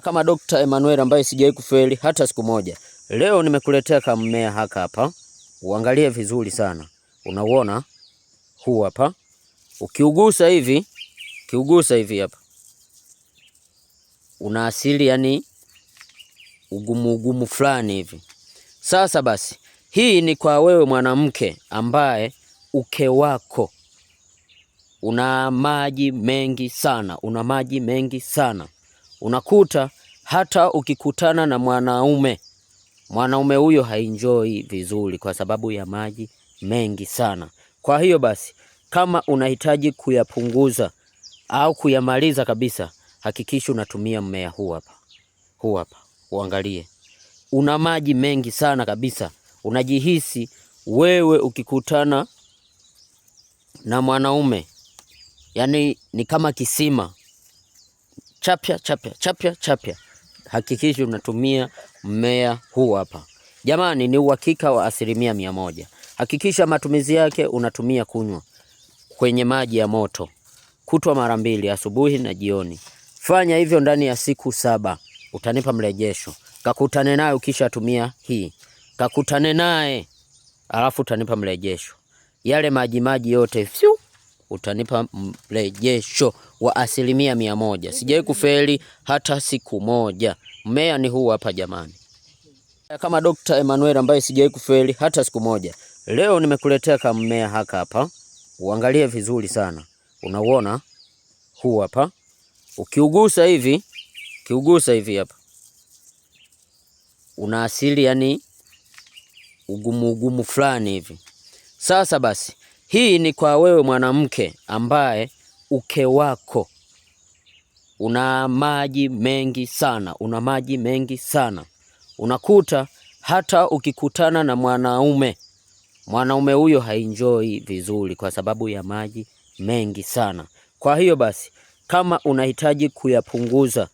Kama Dr. Emmanuel ambaye sijawahi kufeli hata siku moja. Leo nimekuletea kammea haka hapa, uangalie vizuri sana. Unauona huu hapa, ukiugusa hivi, ukiugusa hivi hapa, una asili yani ugumu ugumu fulani hivi. Sasa basi, hii ni kwa wewe mwanamke ambaye uke wako una maji mengi sana, una maji mengi sana. Unakuta hata ukikutana na mwanaume, mwanaume huyo hainjoi vizuri kwa sababu ya maji mengi sana. Kwa hiyo basi, kama unahitaji kuyapunguza au kuyamaliza kabisa, hakikisha unatumia mmea huu hapa, huu hapa, uangalie, una maji mengi sana kabisa. Unajihisi wewe ukikutana na mwanaume, yani ni kama kisima chapya chapya chapya chapya. Hakikisha unatumia mmea huu hapa jamani, ni uhakika wa asilimia mia moja. Hakikisha matumizi yake unatumia kunywa kwenye maji ya moto kutwa mara mbili, asubuhi na jioni. Fanya hivyo ndani ya siku saba, utanipa mrejesho. Kakutane naye ukisha tumia hii, kakutane naye alafu utanipa mrejesho. Yale maji yote fiu utanipa mrejesho wa asilimia mia moja. Sijawahi kufeli hata siku moja. Mmea ni huu hapa jamani, kama Dr. Emmanuel ambaye sijawahi kufeli hata siku moja. Leo nimekuletea kama mmea haka hapa, uangalie vizuri sana. Unauona huu hapa, ukiugusa hivi, ukiugusa hivi hapa una asili yani ugumu ugumu fulani hivi. Sasa basi hii ni kwa wewe mwanamke ambaye uke wako una maji mengi sana, una maji mengi sana. Unakuta hata ukikutana na mwanaume, mwanaume huyo hainjoi vizuri kwa sababu ya maji mengi sana. Kwa hiyo basi, kama unahitaji kuyapunguza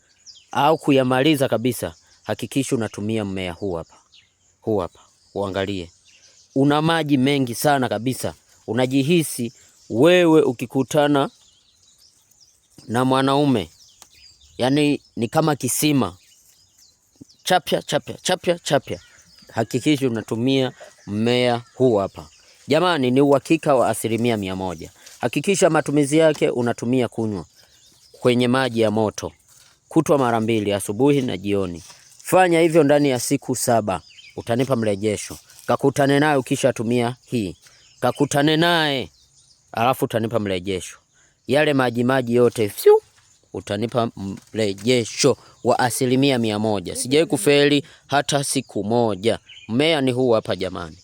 au kuyamaliza kabisa, hakikisha unatumia mmea huu hapa, huu hapa, uangalie, una maji mengi sana kabisa unajihisi wewe ukikutana na mwanaume yani ni kama kisima, chapya chapya chapya chapya. Hakikisha unatumia mmea huu hapa jamani, ni uhakika wa asilimia mia moja. Hakikisha matumizi yake unatumia kunywa kwenye maji ya moto kutwa mara mbili, asubuhi na jioni. Fanya hivyo ndani ya siku saba, utanipa mrejesho. Kakutane nayo, ukisha tumia hii kakutane naye, alafu utanipa mrejesho. Yale maji maji yote fyu, utanipa mrejesho wa asilimia mia moja. Sijai kufeli hata siku moja. Mmea ni huu hapa jamani.